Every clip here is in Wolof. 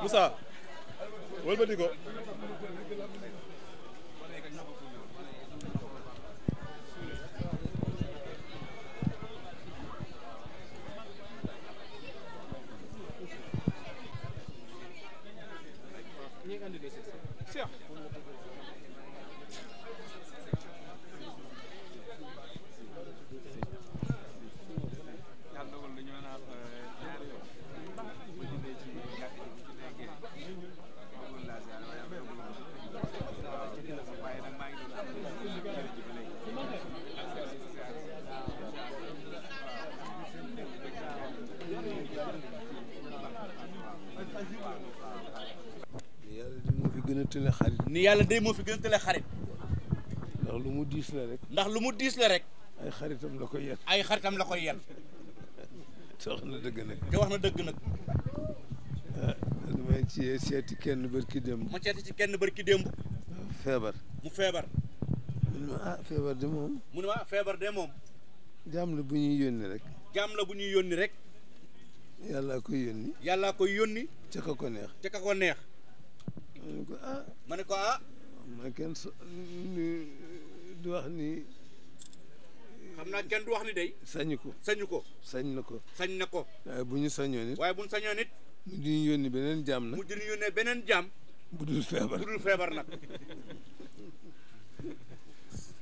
Moussa wëlbati ko tële xarit. ni yàlla day moo fi gën a mu diis ndax lu mu diis rek. ay xaritam ay xaritam la koy te wax na dëgg nag. te wax na dëgg nag. ah damay ci seeti kenn barki ci kenn barki démb. feebar. mu feebar. mu ah feebar de moom. mu ne ah, feebar de moom. jaam la bu ñuy yónni rek. jaam la bu ñuy yónni rek. yàllaa koy yónni. yàllaa koy yónni. ca ko neex. ma ko ah. ma ne ko kenn du wax ni. xam naa kenn du wax ni day. sañu ko sañu ko. sañ na ko. sañ na ko. waaye bu ñu sañoon it. waaye bu ñu sañoon it. beneen jaam nag. mu di ñu yónnee beneen jaam. bu dul feebar bu dul feebar nag. su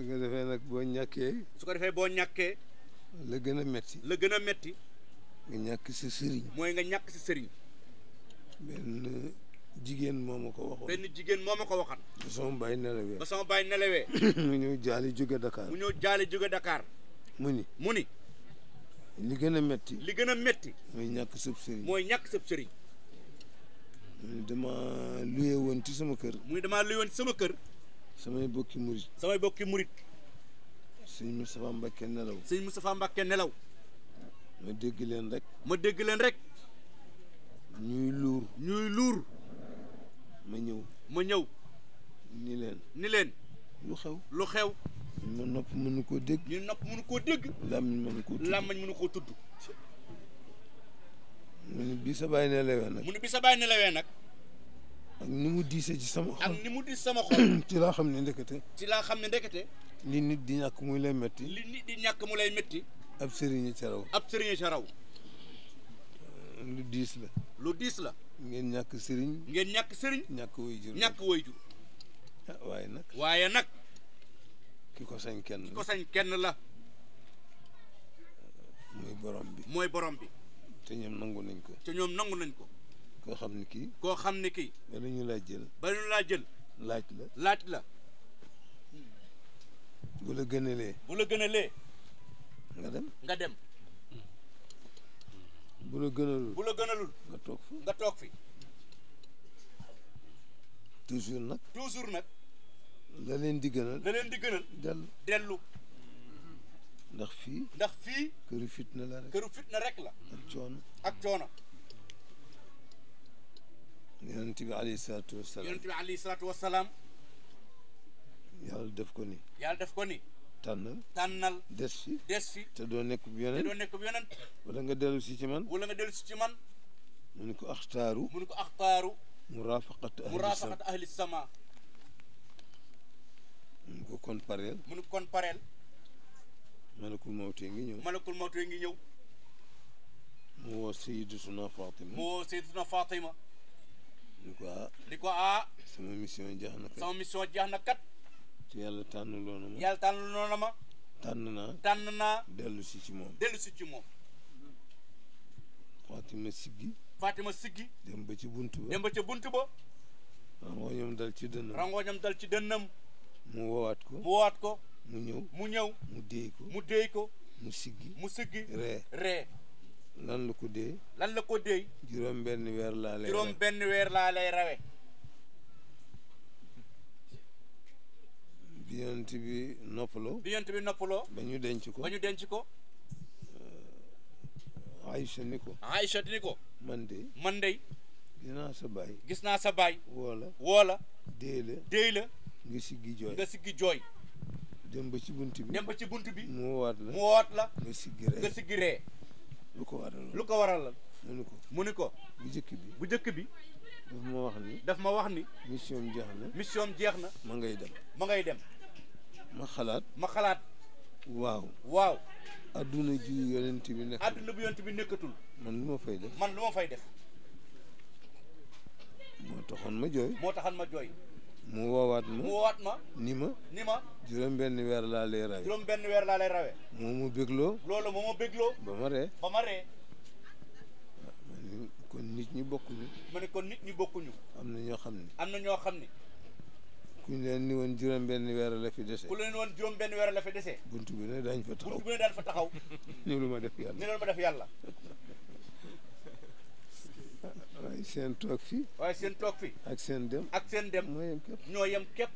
ko defee nag boo ñàkkee. su ko defee boo ñàkkee. la gën a metti. la gën a metti. nga ñàkk si sëriñ. mooy nga ñàkk si sëriñ. jigéen moo ma ko waxoon. benn jigéen moo ma ko waxan ba sama bàyyi nelawee. ba sama bàyyi nelawee. mu ñëw jaale jóge Dakar. mu ñëw jaale jóge Dakar. mu ni mu ni. li gën a metti. li gën a metti. mooy ñàkk sëb sëriñ. mooy ñàkk sëb sëriñ. mu ni damaa luye woon ci sama kër. mu ni damaa luye woon ci sama kër. samay bokki murit. samay bokki murit. sëñ Moustapha Mbacke nelaw. sëñ Moustapha Mbacke nelaw. ma dégg leen rek. ma dégg leen rek. ñuy luur. ñuy luur. ma ñëw ma ñëw ni leen ni leen lu xew lu xew ñu nopp mënu nu dégg koo dégg làmmiñ mënu koo tudd làmmiñ mënu tudd mu ni bi sa bàyyi ne nag mu ni sa bàyyi ne nag ak ni mu diisee ci sama xol ak ni mu diis sama xol ci laa xam ne ndekete ci laa xam ne ndekete li nit di ñàkk muy lay metti li nit di ñàkk mu lay metti ab sëriñu ca raw ab sëriñ ca raw lu diis la. diis la. ngeen ñàkk sëriñ. ngeen ñàkk sëriñ. ñàkk wayjur ñàkk wayjur. ah waaye nag. waaye nag. ki ko sañ kenn la kenn la. mooy borom bi. mooy borom bi. te ñoom nangu nañ ko. te ñoom nangu nañ ko. koo xam ne kii. koo xam ne kii. bala ñu laa jël. bala ñu laa jël. laaj la laaj la. bu la gënalee. bu la nga dem nga dem. bu la gënalul bu la gënalul. nga toog fi nga toog fi. toujours nag. toujours nag. la leen di gënal. la leen di gënal. dellu dellu. ndax fii. ndax fii. këru fitna la rek. këru fitna rek la. ak coono ak coono. yonent bi alayhi salaatu wa salaam. yonent bi alayhi salaatu wa salaam. yàlla def ko ni. yàlla def ko ni. tànnal tànnal des fi des fi te doo nekk bu yonent te doo wala nga dellu si ci man wala nga dellu si ci man mu ne ko axtaaru mu ko axtaaru murafaqat murafaqat ahli sama mu ne ko kon pareel mu ne ko kon pareel malakul mawtee ngi ñëw malakul mawtee ngi ñëw mu woo sayidatuna Fatima mu woo sayidatuna Fatima ni ko ah ko ah sama mission jeex kat te yàlla tànn loona ma yàlla tànn loona ma tànn tànn naa dellu si ci moom dellu ci moom Fatima siggi Fatima siggi dem ci bunt ba dem ba bunt ba rangooñam dal ci dënnam dal ci dënnam mu woowaat ko mu woowaat ko mu ñëw mu ñëw mu déey ko mu déey mu siggi mu siggi ree ree lan la ko déey lan la benn weer laa lay juróom weer laa lay rawe bi yonent bi noppaloo. bi yonent bi noppaloo. ba ñu denc ko ba ñu denc ko. Euh, Aïcha ni ko. Aïcha ni ko. man de. man de. gis naa sa baay. gis naa sa baay. woola woola. déy la déy la. nga siggi jooy nga siggi jooy. dem ba ci bunt bi dem ba ci bunt bi. mu woowaat la mu woowaat la. nga siggi ree nga siggi ree. lu ko waral lu ko waral la. mu ni ko mu ni ko. bu njëkk bi bu njëkk bi. daf ma wax ni. daf ma wax ni. mission jeex na. mission jeex na. ma ngay dem ma ngay dem. ma xalaat ma xalaat waaw waaw adduna ji yonent bi nekk adduna bu bi nekkatul man lu ma fay def man lu ma fay def moo taxoon ma jooy moo taxoon ma jooy mu woowaat ma mu ma ni ma ni ma juróom benn weer laa lay rawe juróom benn weer laa lay rawe moo ma bégloo loolu moo ma bégloo ba ma ree ma ree kon nit ñi bokkuñu ma ne kon nit ñi bokkuñu am na ñoo xam ne am na ñoo xam ne ku ñu leen ni woon juróom benn weer la fi dese ku leen woon juróom benn weer la fi dese bunt bi ne daañ fa taxaw bunt bi ne daañ fa taxaw ni lu ma def yàlla ni lu ma def yàlla waaye seen toog fii waaye seen toog fii ak seen dem ak seen dem ñoo yem képp ñoo yem képp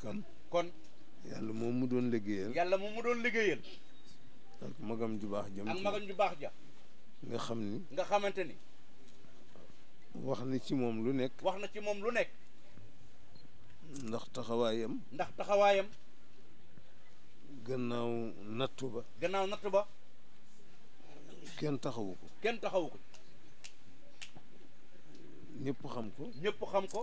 kon kon yàlla moom mu doon liggéeyal yàlla moom mu doon liggéeyal ak magam ju baax ja ak magam ju baax ja nga xam ni nga xamante ni wax na ci moom lu nekk. wax na ci moom lu nekk. ndax taxawaayam. ndax taxawaayam. gannaaw nattu ba. gannaaw natt ba. kenn taxawu ko. kenn taxawu ko. ñëpp xam ko. ñëpp xam ko.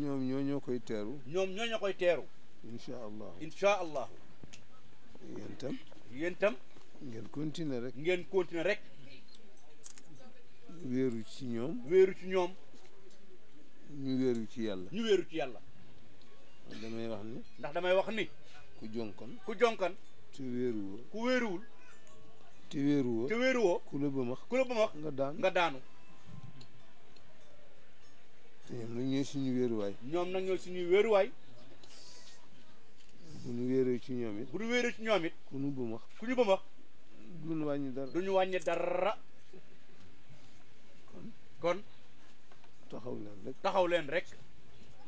ñoom ñoo ñoo koy teeru. ñoom ñoo ñoo koy teeru. incha allah incha allah. tam. yéen ngeen continuer rek. ngeen continuer rek. wéeru ci ñoom. wéeru ci ñoom. ñu wéeru ci yàlla. ñu wéeru ci yàlla. damay wax ni. ndax damay wax ni. ku jonkan. ku jonkan. te wéeruwoo. ku wéeruwul. te te wéeruwoo. ku ku la bëmax nga daanu nga daanu. te ñoom nag ñooy suñu ñoom nag ñooy suñuy wéeruwaay. bu ñu wéeree ci ñoom it. bu ñu wéeree ci ñoom ku ñu bëmax. ku ñu bëmax. du ñu wàññi dara. du kon. taxaw leen rek taxaw leen rek.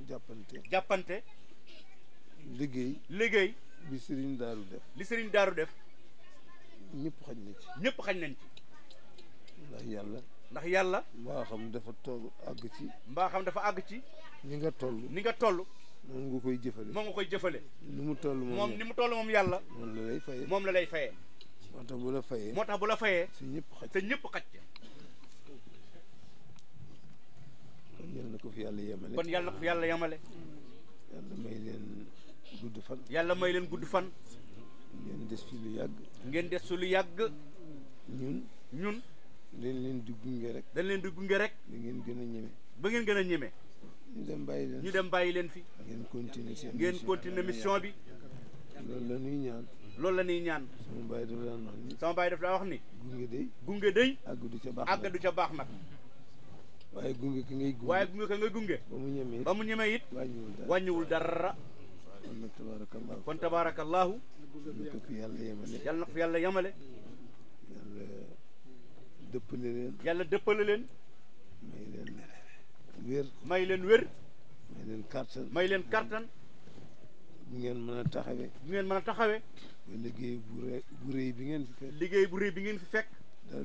jàppante jàppante. liggéey liggéey. li Serigne Darou def. li Serigne Darou def. ñëpp xañ nañ ci. ñëpp xañ nañ ci. ndax yàlla. ndax yàlla. mbaa xam dafa toll àgg ci. mbaa xam dafa àgg ci. ni nga toll. ni nga toll. moom nga koy jëfale. moom nga koy jëfale. ni mu tollu moom ni mu toll yàlla. moom la lay fayee moom la lay fayee. moo tax bu la fayee. moo tax bu la fayee. sa ñëpp xaj sa ñëpp xaj. yal na ko fi yàlla yemale kon yal na ko fi yàlla yemale yàlla may leen gudd fan yàlla may leen gudd fan ngeen des fi lu yàgg ngeen des fi lu yàgg ñun ñun dañ leen di gunge rek dañ leen di gunge rek da ngeen gën a ñeme ba ngeen gën a ñeme ñu dem bàyyi leen ñu dem bàyyi leen fi ngeen continuer seen ngeen continuer mission bi loolu la ñuy ñaan loolu la ñuy ñaan sama baay dafa daan wax ni sama baay dafa daan wax ni gunge day gunge day àgg du ca baax àgg du ca baax nag waaye gunge ki ngay gunge waaye ba mu ñemee it ba mu wàññiwul dara kon tabaarakallaahu. yal na ko yàlla yemale. yal yàlla dëppale leen. may leen wér. may may leen kàttan may leen kàttan. bu ngeen mën a taxawee. bu ngeen mën a taxawee. ba bu bi ngeen liggéey bu rëy bi ngeen fi fekk.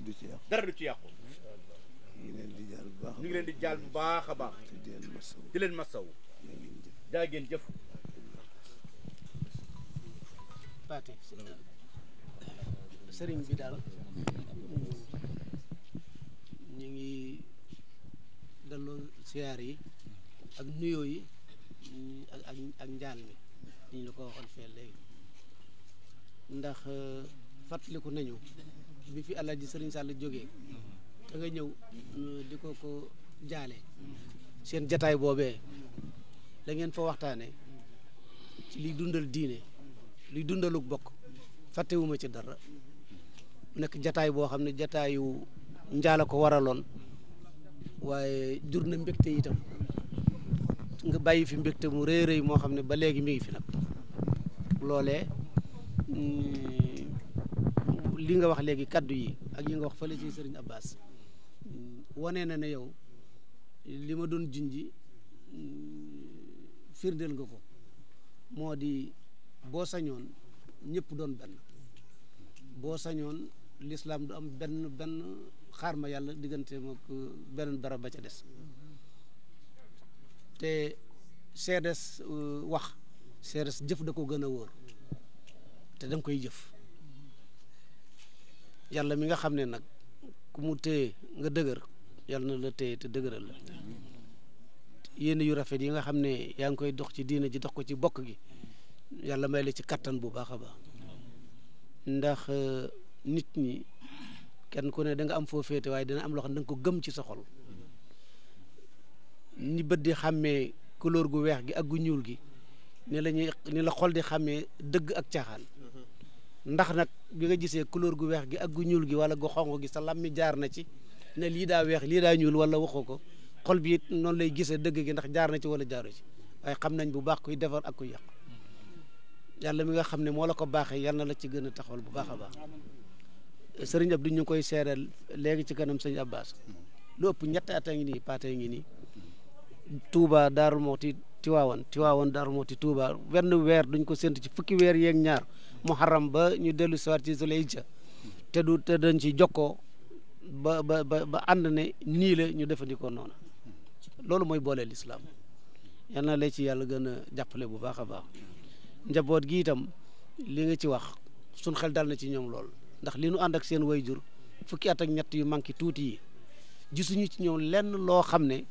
du ci yàqu. dara du ci yàqu. ñu ngi leen di jaal bu baax a baax di leen masaw jaa ngeen jëf sëriñ bi daal ñu ngi delloo siyaar yi ak nuyoo yi ak ak njaal mi ñu la ko waxoon fee léegi ndax fàttaliku nañu bi fi Alaaji sëriñ Sall jógee da nga ñëw di ko ko jaale seen jataay boobee la ngeen fa waxtaane ci liy dundal diine liy dundalu bokk fàttewuma ci dara mu nekk jataay boo xam ne jataayu njaala ko waraloon waaye jur na mbégte itam nga bàyyi fi mbégte mu rëy rëy moo xam ne ba léegi mi ngi fi nag loole mm, lii nga wax léegi kaddu yi ak yi nga wax fële ci Serigne Abbas wane na ne yow li ma doon junji mm, firndeel nga ko moo di boo sañoon ñëpp doon benn boo sañoon lislaam du am benn benn xaar ma yàlla diggante ak beneen barab ba ca des te seedes uh, wax seedes jëf da ko gën a wóor te da koy jëf yàlla mi nga xam ne nag ku mu téye nga dëgër yal na la téye te dëgëral la yéen yu rafet yi nga xam ne yaa ngi koy dox ci diina ji dox ko ci bokk gi yàlla may la ci kattan bu baax a baax ndax euh, nit ñi kenn ku ne da am foo féete waaye dina am loo xam ne da ko gëm ci sa xol ni bët di xàmmee couleur gu weex gi ak gu ñuul gi ni la ni la xol di xàmmee dëgg ak caaxaan ndax nag bi nga gisee couleur gu weex gi ak gu ñuul gi wala gu xonq gi sa làmmi jaar na ci ne lii daa weex lii daa ñuul wala waxoo ko xol bi it noonu lay gisee dëgg gi ndax jaar na ci wala jaaru ci waaye xam nañ bu baax kuy defar ak kuy yàq yàlla nga xam ne moo la ko baaxee yàlla na la ci gën a taxawal bu baax a baax sëriñ Abdou ñu koy seereel léegi ci kanam sëñ Abbas lu ëpp ñetti at a ngi nii paate ngi nii Touba Darou Mouhty Tiwaawan daar moo ti tuuba wenn weer duñ ko sént ci fukki weer yeeg ñaar mu Muharram ba ñu dellu siwaat ci Zulhijja te du te dañ ci ba ba ba ànd ne nii la ñu defandikoo noonu loolu mooy boole lislaam yal na la ci yàlla gën a jàppale bu baax a baax njaboot gi itam lii nga ci wax sun xel dal na ci ñoom lool ndax li nu ànd ak seen way jur fukki at ak ñett yu manqué tuuti yi gisuñu ci ñoom lenn loo xam ne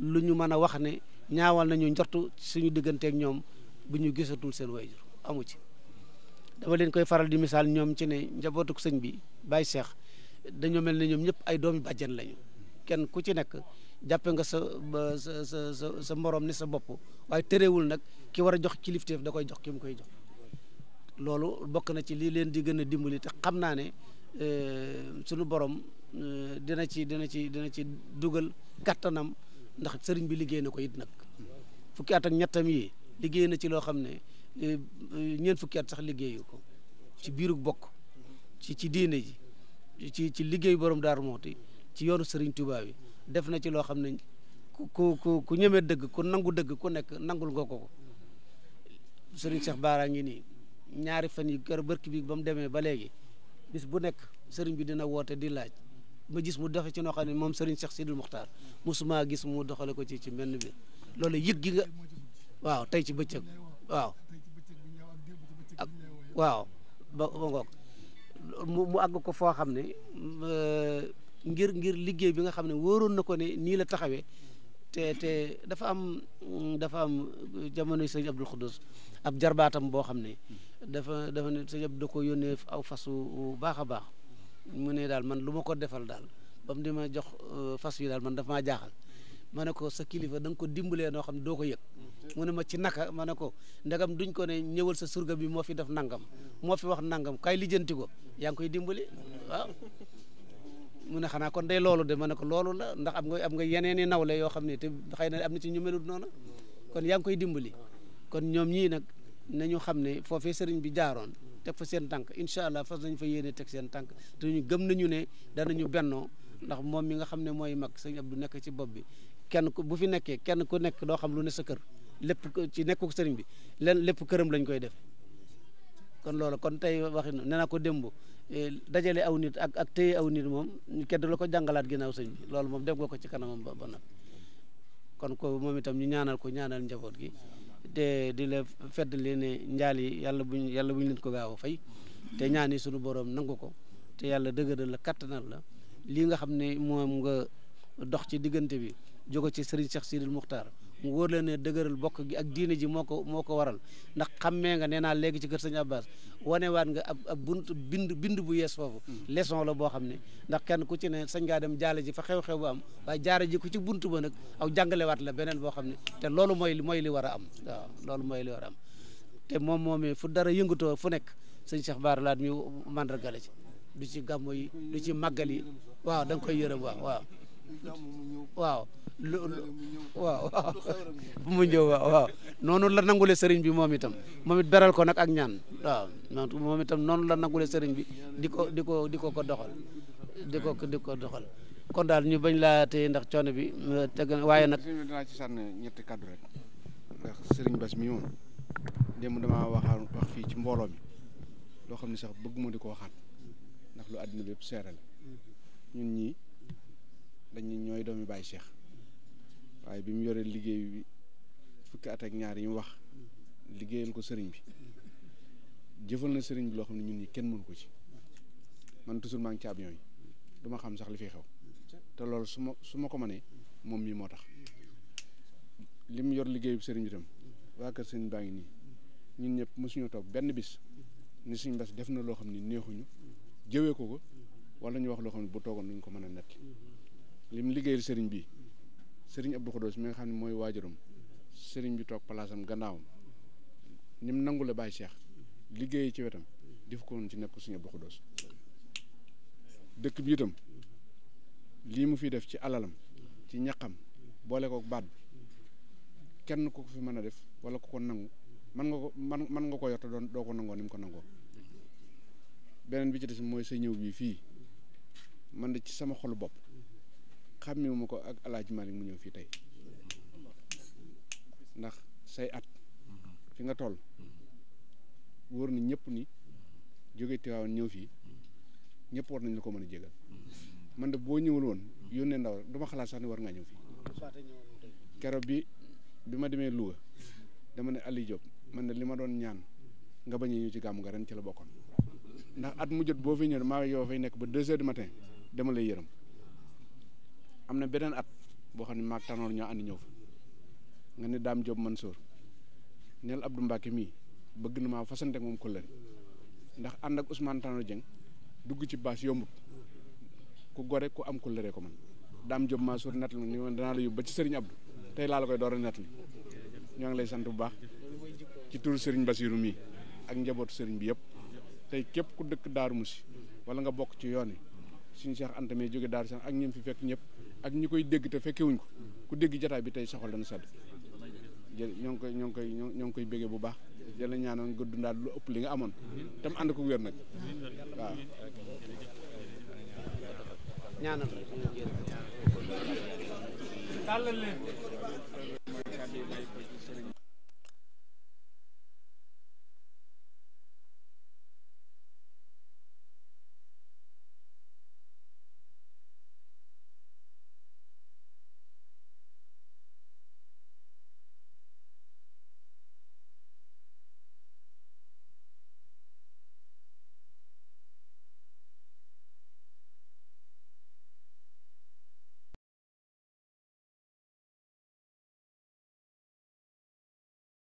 lu ñu mën a wax ne ñaawal nañu njortu suñu digganteeg ñoom bu ñu gisatul seen way jur amu ci dama leen koy faral di misaal ñoom ci ne njabootuk sëñ bi bay seex dañoo mel ne ñoom ñëpp ay doomi bàjjen lañu kenn ku ci nekk jàppe nga sa sa sa sa moroom ni sa bopp waaye tëréewul nag ki war a jox kilifteef da koy jox ki mu koy jox loolu bokk na ci li leen di gën a dimbali te xam naa ne eh, sunu borom eh, dina ci dina ci dina ci dugal kattanam ndax sëriñ bi liggéey na ko it nag fukki ak ñettam yi liggéey na ci loo xam ne eh, ñeent fukki at sax liggéeyu ko ci biirug bokk ci ci diine ji ci ci liggéey borom Daaru Muxti ci yoonu Serigne Touba yi def na ci loo xam ne ku ku ku ñemee dëgg ku nangu dëgg ku nekk nangul nga ko ko Serigne Cheikh ngi nii ñaari fan yi kër bërki bi ba mu demee ba léegi bis bu nekk sëriñ bi dina woote di laaj ma gis mu doxe ci noo moom sëriñ Cheikh Sidil Muxtaar musuma gis mu doxale ko ci ci benn bi loolu yëg gi waaw tey ci bëccëg waaw waaw mu àgg ko foo xam ne euh, ngir ngir liggéey bi nga xam ne wóoroon na ko ne nii la taxawee te te dafa am mm, dafa am jamono sëñ Abdul Xudus ab jarbaatam boo xam ne dafa dafa ne sëñ Abdul da ko yónnee aw fas wu baax a baax mu ne daal man lu ma ko defal daal ba mu di ma jox euh, fas wi daal man dafa maa jaaxal ma ne ko sa kilifa da ko dimbalee noo xam ne doo ko yëg mu ne ma ci naka ma ne ko ndegam duñ ko ne ñëwal sa surga bi moo fi def nangam moo fi wax nangam kay lijjanti ko yaa ngi koy dimbali waaw ne xanaa kon day loolu de ma ne ko loolu la ndax am nga am nga yeneen i nawle yoo xam ne te xëy na am na ci ñu melut noonu kon yaa ngi koy dimbali kon ñoom ñii nag nañu xam ne foofee sëriñ bi jaaroon teg fa seen tànk incha allah fas nañ fa yéene teg seen tànk te ñu gëm nañu ne ñu bennoo ndax moom mi nga xam ne mooy mag sëñ Abdou nekk ci bopp bi kenn ku bu fi nekkee kenn ku nekk doo xam lu ne sa kër lépp ci nekku sëriñ bi len lépp këram lañ koy def kon loolu kon tey waxi ne naa ko démb eh, dajale aw nit ak ak téye aw nit moom kenn la ko jàngalaat ginnaaw sëñ loolu moom def ko ci kanamam ba ba kon ko moom itam ñu ñaanal ko ñaanal njaboot gi te di la fedd feddali ne njaal yi yàlla buñ yàlla buñ leen ko gaaw a fay te ñaani suñu boroom nangu ko te yàlla dëgëral la kattanal la lii nga xam ne moom nga dox ci diggante bi jóge ci Serigne Cheikh Sidil Muxtaar mu wóor leen ne dëgëral bokk gi ak diine ji moo ko moo ko waral ndax xammee nga nee naa léegi ci kër Sëñ wane wanewaat nga ab ab bind bind bu yees foofu mm. leson la boo xam ne ndax kenn ku ci ne sañ ngaa dem jaale ji fa xew-xew bu am waaye jaare ji ku ci bunt ba nag aw jàngalewaat la beneen boo xam ne te loolu mooy mooy li war a am loolu mooy li war a am te moom moomee fu dara yëngatoo fu nekk sëñ Cheikh Bara Laat mi mandargale ci du ci gàmmu yi du ci màggal yi waaw da nga koy yërëm waaw waaw Wow, wow, mu wow. waaw waaw noonu la nangule sëriñ bi moom itam moom it beral ko nag ak ñaan waaw moom la nangule sëriñ bi di Diko, diko, ko di ko ko doxal di ko di doxal kon daal ñu bañ laa téye ndax coono bi euh, teg waaye nag dinaa ci sànn ñetti kaddu rek ndax sëriñ Bass mi moom démb damaa waxaan wax fii ci mbooloo mi loo xam ne sax bëgguma di ko ndax lu àddina bépp seere la mm-hmm. ñun ñii dañu ñooy doomi Baye Cheikh waaye bi mu yoree liggéey bi fukki at ak ñaar yi mu wax liggéeyal ko sëriñ bi jëfal na sëriñ bi loo xam ne ñun ñi kenn mënu ko ci man toujours maa ngi ci avion yi du xam sax li fi xew te lool su ma su ma ko mënee moom mii moo tax li mu yor liggéey bi sëriñ bi tam waa kër sëriñ baa ngi nii ñun ñëpp mësuñoo toog benn bis ni suñ bas def na loo xam ni neexuñu jëwee ko ko wala ñu wax loo xam ne bu toogoon duñ ko mën a nett li mu liggéeyal sëriñ bi sëriñ Abdou Khoudous mi nga xam ne mooy waajuram sëriñ bi toog palaasam gannaawam ni mu nangu la Baye Cheikh liggéey ci wetam def ko woon ci nekk sëriñ Abdou Khoudous dëkk bi itam lii mu fi def ci alalam ci ñaqam boole ko baat bi kenn ku ko fi mën a def wala ko ko nangu mën nga ko man mën nga ko yor doon doo ko nangoo ni ko nangoo beneen bi ci des mooy sa ñëw bii fii man de ci sama xolu bopp xàmmewu ma ko ak alaaji Malick mu ñëw fii tey ndax say at fi nga tool wóor na ñëpp ni jóge Tiwaawan ñëw fii ñëpp war nañ la ko mën a jégal man de boo ñëwul woon yónnee ndaw duma xalaat sax ni war ngaa ñëw fii keroog bi bi ma demee Louga dama ne Aliou Diop man de li ma doon ñaan nga bañ ñëw ci gàmmu nga ren ci la bokkoon ndax at mu jot boo fi ñëw maa yow fay nekk ba deux heures du matin dama yërëm am na at bo xamni mak Tanor ñoo ànd ñëw fa nga ne dam job Mansour nel Abdou mbake mi bëgg na ma fassante ak ko kóllëre ndax and ak Ousmane Tanor jeng dugg ci bass yombut ku gore ku am kóllëre ko man dam job Mansour lu ni dana la yóbbu ba ci Serigne Abdou tay la la koy door a nettali ñoo ngi lay sant bu baax ci tour Serigne Bassirou mi ak njabot Serigne bi yëpp tay képp ku dëkk daru musi wala nga bok ci yoni suñu Cheikh antame joge daru ak ñim fi fekk ñëpp. ak ñi koy dégg te fekkewuñ ko ku dégg jataay bi tey soxal dana sedd jël ñoo koy ñoo ngi koy ñoo béggee bu baax jël ñaanoon nga dundaal lu ëpp li nga amoon tam ànd ko wér nag waaw